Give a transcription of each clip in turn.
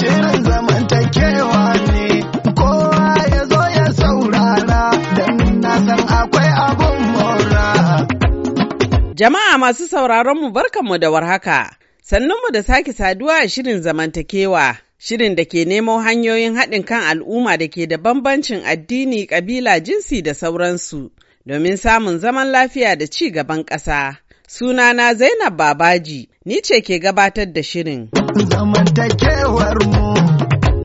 shirin zamantakewa ne kowa ya ya saurara don na san akwai abun mora. Jama'a masu sauraron sauraronmu barkanmu da warhaka, sannunmu da sake saduwa a shirin zamantakewa. Shirin da ke nemo hanyoyin haɗin kan al'umma da ke da bambancin addini, ƙabila, jinsi da sauransu, domin samun zaman lafiya da ci gaban ƙasa. Sunana Zainab Babaji, ni ce ke gabatar da shirin.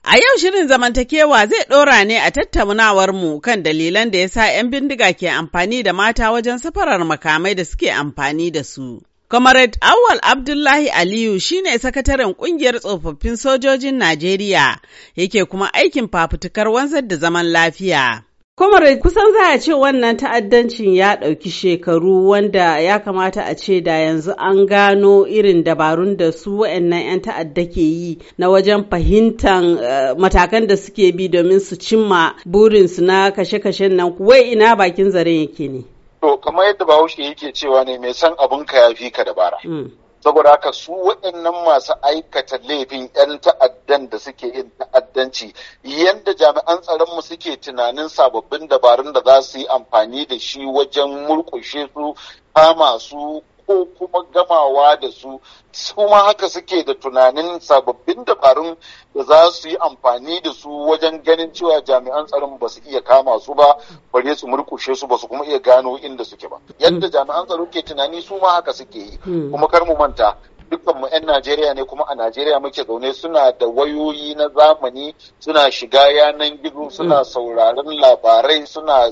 A yau shirin zamantakewa zai ɗora ne a tattaunawar mu kan dalilan da ya sa 'yan bindiga ke amfani da mata wajen safarar makamai da suke amfani da su. Comrade Awal Abdullahi Aliyu shine sakataren ƙungiyar tsofaffin sojojin Najeriya yake kuma aikin fafutukar wanzar da zaman lafiya. Kwamarai kusan za a ce wannan ta'addancin ya ɗauki shekaru wanda ya kamata a ce da yanzu an gano irin dabarun da su wa'annan 'yan ta'adda ke yi na wajen fahimtar eh, matakan da suke bi domin su cimma burinsu na kashe-kashen nan wai ina bakin zaren yake ne. To kamar yadda Bahaushe yake cewa ne mai san abin ka ya fi ka dabara. Hmm. saboda haka su waɗannan masu aikata laifin 'yan ta'addan da suke yin ta'addanci yadda jami'an tsaronmu suke tunanin sababbin dabarun da za su yi amfani da shi wajen murƙushe su kama su ko kuma gamawa da su su ma haka suke da tunanin sababbin dabarun da za su yi amfani da su wajen ganin cewa jami'an tsaron ba su iya kama su ba bare su murkushe su ba su kuma iya gano inda suke ba yadda mm. jami'an tsaro ke tunani su ma haka suke yi mm. kuma kar mu manta dukkan mu 'yan Najeriya ne kuma a Najeriya muke zaune suna da wayoyi na zamani suna shiga yanan gizo suna mm. sauraron labarai suna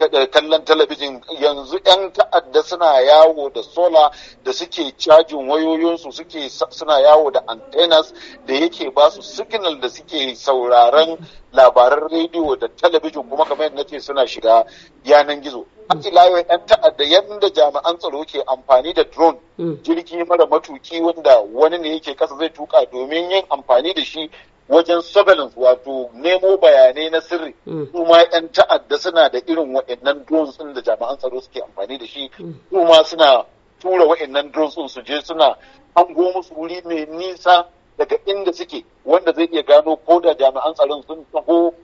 eh, kallon talabijin yanzu 'yan ta'adda suna yawo da sola da suke cajin wayoyinsu suke suna yawo da antennas da yake ba su signal da suke sauraron labaran rediyo da talabijin kuma kamar yadda nace suna shiga yanan gizo har ila yan ta'adda yadda jami'an tsaro ke amfani da drone hmm. jirgi mara matuki wanda wani ne yake kasa zai tuka domin yin amfani da shi wajen surveillance wato nemo bayanai na sirri kuma hmm. yan ta'adda suna da irin waɗannan drones sun da jami'an tsaro suke amfani da shi kuma hmm. suna tura waɗannan drones sun su je suna hango musu wuri mai nisa daga inda suke wanda zai iya gano ko da jami'an tsaron sun taho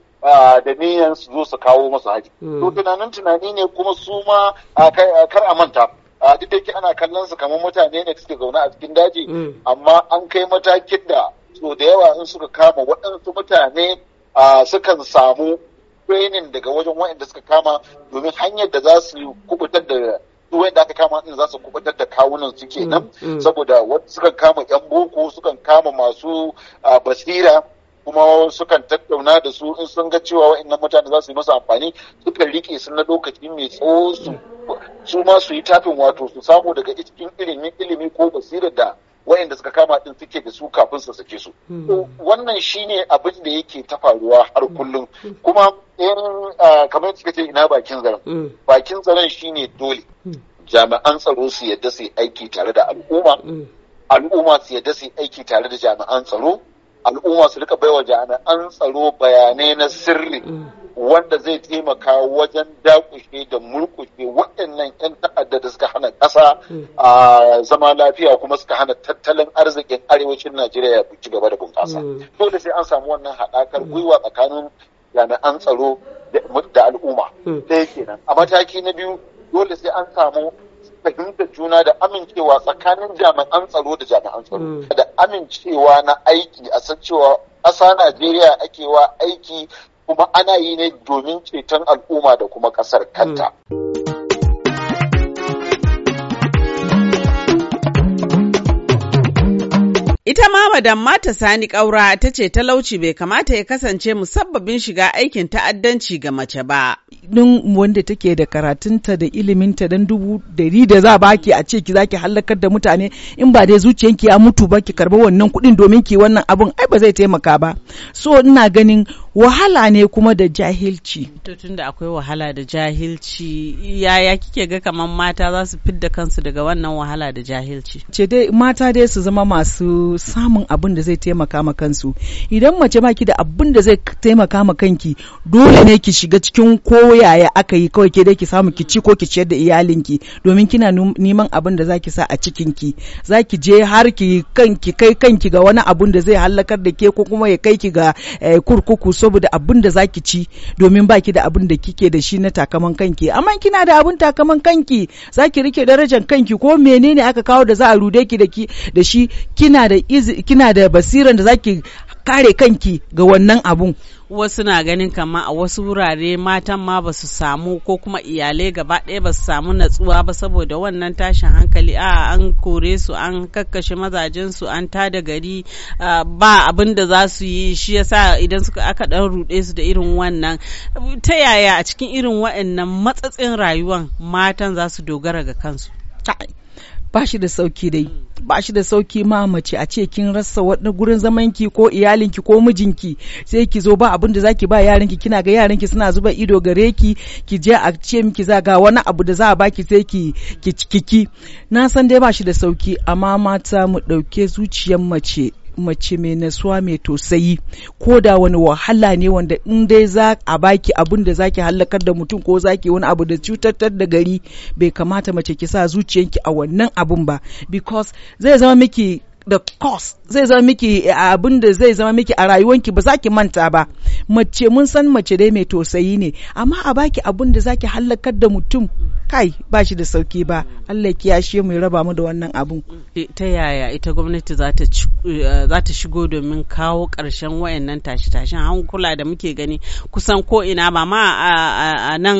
da niyan su zo su kawo masu haji to hmm. tunanin tunani ne kuma su ma kar a manta duk da ana kallon su kamar mutane ne suke zaune a cikin daji hmm. amma an kai matakin da so da yawa in suka kama waɗansu mutane sukan samu training daga wajen waɗanda suka kama domin hanyar da za su kubutar da duwayen da aka kama din za su kubutar da kawunan su hmm. nan. saboda sukan kama yan boko sukan kama masu basira kuma sukan tattauna da su in sun ga cewa wa'annan mutane za su yi masa amfani sukan rike su na lokaci mai tsawo su ma su yi tafin wato su samu daga cikin ilimi ilimi ko basirar da wa'anda suka kama din suke da su kafin su sake su hmm. wannan shine abin da yake ta faruwa har hmm. kullum kuma kamar suka ce ina bakin zaren hmm. bakin zaren shine dole jami'an tsaro su yadda su yi aiki tare da al'umma al'umma su yadda su yi aiki tare da jami'an tsaro al'umma su rika baiwa jami'an tsaro bayanai na sirri mm. wanda zai taimaka wajen dakushe da murkushe waɗannan 'yan ta'adda da suka hana ƙasa mm. a zama lafiya kuma suka hana tattalin arzikin arewacin najeriya ya ci gaba da bunƙasa mm. dole sai an samu wannan haɗakar gwiwa tsakanin jami'an tsaro da al'umma ɗaya kenan a mataki na biyu dole sai an samu fahimtar juna da amincewa tsakanin jami'an tsaro da jami'an tsaro mm. da amincewa na aiki a san cewa ƙasa Najeriya ake wa aiki kuma ana yi ne domin ceton al'umma da kuma ƙasar mm. kanta. Ita ma Madam Mata Sani Ƙaura ta ce talauci bai kamata ya kasance musabbabin shiga aikin ta'addanci ga mace ba. din wanda take da karatunta da iliminta dan dubu dari da za baki a ce ki zaki hallakar da mutane in ba dai zuciyanki ya mutu ba ki karba wannan kuɗin domin ki wannan abun ai ba zai taimaka ba so ina ganin wahala ne kuma da jahilci to tunda akwai wahala da jahilci yaya kike ga kamar mata za su fidda kansu daga wannan wahala da jahilci ce dai mata dai su zama masu samun abin da zai taimaka ma kansu idan mace ma ki da abin da zai taimaka ma kanki dole ne ki shiga cikin koyaya yaya aka yi kawai ke dai ki samu ki ci ko ki ciyar da iyalinki domin kina neman abin da zaki sa a cikinki zaki je har ki kanki kai kanki ga wani abin da zai hallakar da ke ko kuma ya kai ki ga eh, kurkuku saboda abin da zaki ci domin baki da abin da kike da shi na takaman kanki amma kina da abin takaman kanki zaki rike darajar kanki ko menene aka kawo da za a rude ki da shi kina da kina da basiran da zaki kare kanki ga wannan abun wasu na ganin kama a wasu wurare matan ma ba su samu ko kuma iyalai gaba ɗaya ba su samu natsuwa ba saboda wannan tashin hankali a an kore su an kakkashe mazajen su an tada gari ba abin da za su yi shi yasa idan suka aka dan ruɗe su da irin wannan ta yaya a cikin irin waɗannan matsatsin rayuwan matan za su dogara ga kansu ba shi da sauki dai mm. ba shi da sauki ma mace a ce kin rasa wani gurin zaman ki ko iyalinki ko mijinki sai ki zo ba abin da zaki ba yaranki kina ga yaran ki suna zuba ido gare ki ki je a ce miki za ga wani abu da za a baki sai ki ki na san dai ba shi da sauki amma mata mu dauke zuciyar mace mace mai nasuwa mai tosayi ko da wani wahala ne wanda in dai za a baki abin da zaki hallakar da mutum ko zaki wani abu da cutar da gari bai kamata mace ki sa zuciyanki a wannan abun ba because zai zama miki da cost zai zama miki eh, abin da zai zama miki a rayuwanki ba za ki manta ba mace mun san mace dai mai tosayi ne amma a baki abin da za zaki hallakar da mutum kai ba shi da sauki ba Allah ki yashe mu raba mu da wannan abun eh, ta yaya ita gwamnati za ta eh, shigo domin kawo karshen wayannan tashi tashin hankula da muke gani kusan ko ina ba ma a nan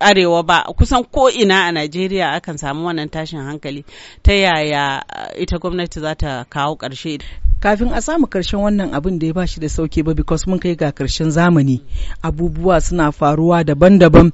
arewa ba kusan ko ina a Najeriya akan samu wannan tashin hankali ta yaya ita gwamnati gwamnati za ta kawo ƙarshe kafin a samu karshen wannan abin da ya ba shi da sauke ba because mun kai ga karshen zamani abubuwa suna faruwa daban-daban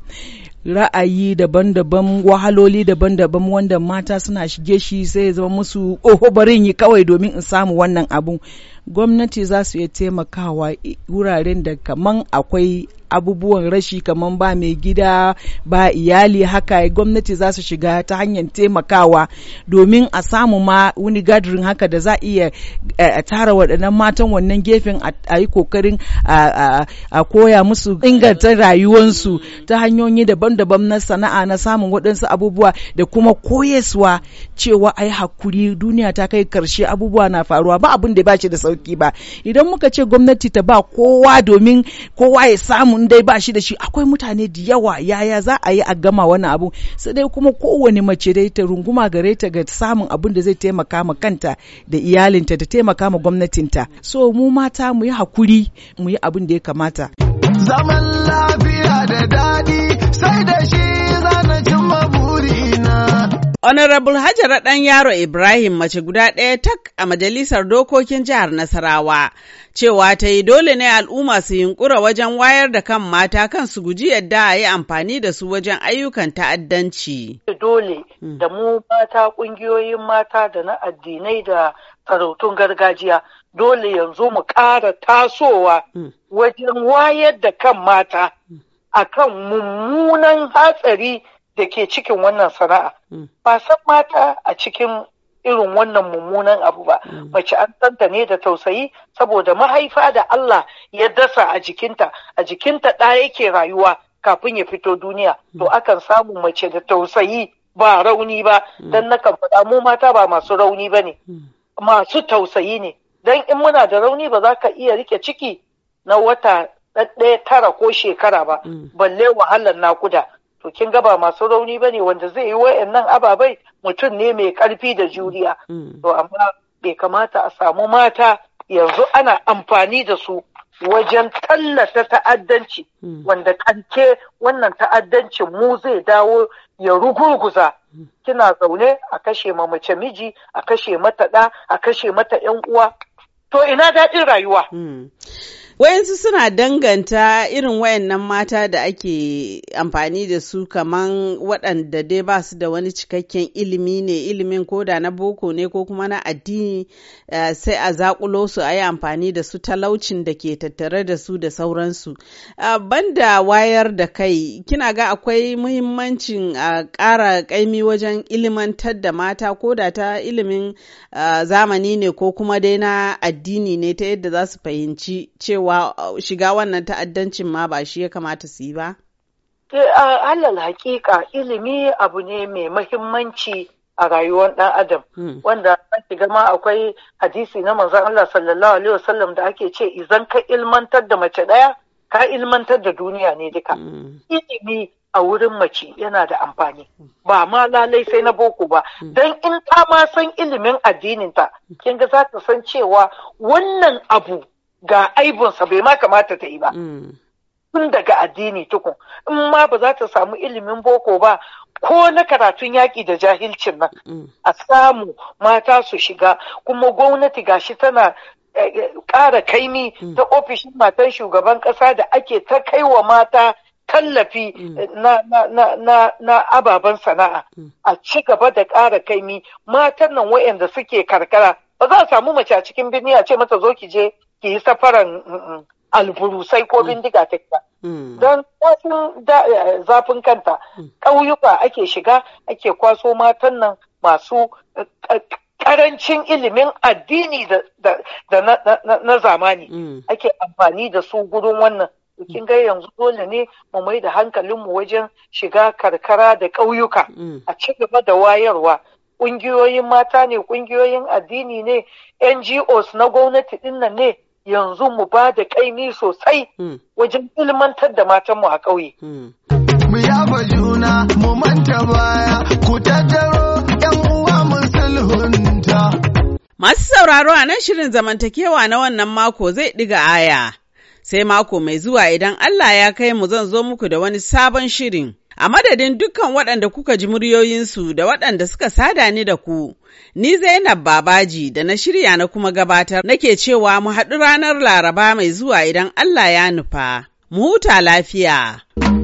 ra'ayi daban-daban wahaloli daban-daban wanda mata suna shige shi sai ya zama musu oho barin yi kawai domin in samu wannan abun. gwamnati za su iya taimakawa wuraren da kaman akwai abubuwan rashi kaman ba mai gida ba iyali haka gwamnati za su shiga ta hanyar taimakawa domin a samu ma wani gadirin haka da za iya eh, tara waɗannan matan wannan gefen a yi kokarin a koya musu inganta rayuwansu ta hanyoyi daban-daban na sana'a na samun waɗansu abubuwa da kuma koyaswa cewa ai hakuri duniya ta kai karshe abubuwa na faruwa ba abin da ba shi da sauki sauki ba idan muka ce gwamnati ta ba kowa domin kowa ya samu dai ba shi da shi akwai mutane da yawa yaya za a yi a gama wani abu sai dai kuma kowane mace dai ta runguma gare ta ga samun abun da zai taimaka ma kanta da iyalinta da taimaka ma gwamnatinta so mu mata mu yi hakuri mu yi abin da ya kamata zaman lafiya da daɗi Honorable Hajara ɗan yaro Ibrahim mace guda ɗaya tak a Majalisar Dokokin Jihar Nasarawa cewa ta yi dole ne al'umma su yunkura wajen wayar da kan mata kan su guji yadda a yi amfani da su wajen ayyukan ta'addanci. Dole hmm. da mu mata ƙungiyoyin mata da na addinai da sarautun gargajiya dole yanzu mu ƙara tasowa hmm. wajen wayar da kan mata hmm. akan mummunan hatsari da ke cikin wannan sana'a mm. ba san mata a cikin irin wannan mummunan abu ba mm. mace an santa ne da tausayi saboda mahaifa da Allah ya dasa a jikinta a jikinta ɗa yake rayuwa kafin ya fito duniya mm. to akan samu mace da tausayi ba rauni ba don na kan faɗa mu mata ba masu rauni ba ne masu tausayi ne don in muna da rauni ba za ka iya rike ciki na wata ɗaya tara ko shekara ba balle wahalar nakuda to kin ga masu rauni bane wanda zai yi wayannan ababai mutum ne mai ƙarfi da juriya mm. to amma bai kamata a samu mata yanzu ana amfani da su wajen tallata ta'addanci mm. wanda kanke wannan ta'addancin mu zai dawo ya rugurguza mm. kina zaune a kashe ma mace miji a kashe mata ɗa a kashe mata 'yan uwa to ina daɗin rayuwa Wayansu suna danganta irin wayannan mata da ake amfani da su kaman waɗanda dai ba su da wani cikakken ilimi ne ilimin ko da na boko ne ko kuma na addini eh, sai a zakulo su a yi amfani da su talaucin da ke tattare da su da sauransu. Eh, Banda wayar da kai kina ga akwai muhimmancin a ƙara ƙaimi wajen ilimantar da mata ko da ta ilimin eh, zamani ne ko kuma dai na addini ne ta yadda za su fahimci cewa cewa uh, shiga wannan ta'addancin ma ba shi ya kamata su yi ba? Allah hakika ilimi abu ne mai mahimmanci a rayuwar ɗan adam hmm. wanda ake gama akwai hadisi na manzon Allah sallallahu alaihi wasallam da ake ce izan ka ilmantar da mace ɗaya ka ilmantar da duniya ne duka hmm. ilimi a wurin mace yana da amfani ba ma lalai sai na boko ba hmm. don in ta ma san ilimin addininta kin ga za ta san cewa wannan abu ga aibinsa bai ma kamata ta yi ba. Mm. Tun daga addini tukun, in ma ba za ta samu ilimin boko ba, ko na karatun yaƙi da jahilcin nan, mm. a samu mata su shiga, kuma gwamnati gashi tana eh, eh, ƙara kaimi mm. ta ofishin matan shugaban ƙasa da ake ta kai wa mata tallafi eh, na, ababen sana'a a ci gaba da ƙara kaimi matan nan waɗanda suke karkara ba za a samu mace a cikin birni a ce mata zo ki je ki yi safaran alburusai ko mm. bindiga ta ba. Mm. Don zafin eh, zafin kanta mm. ƙauyuka ake shiga ake kwaso matan nan masu eh, ƙarancin ilimin addini da na zamani ake amfani da su gurin wannan kin ga yanzu dole ne mu mai da hankalinmu wajen shiga karkara da ƙauyuka a ci gaba da wayarwa ƙungiyoyin mata ne ƙungiyoyin addini ne ngos na gwamnati ɗin nan ne yanzu mu ba da sosai hmm. wajen ilmantar da matanmu a ƙauye. Hmm. Mu yaba juna mu manta baya ku tattaro yan uwa mu sulhunta. Masu sauraro a nan shirin zamantakewa na wannan mako zai ɗiga aya. Sai mako mai zuwa idan Allah ya kai mu zan zo muku da wani sabon shirin. A madadin dukkan waɗanda kuka ji muryoyinsu da waɗanda suka sada ni da ku, ni Zainab Babaji da na shirya na kuma gabatar nake cewa mu haɗu ranar Laraba mai zuwa idan Allah ya nufa, mu huta lafiya.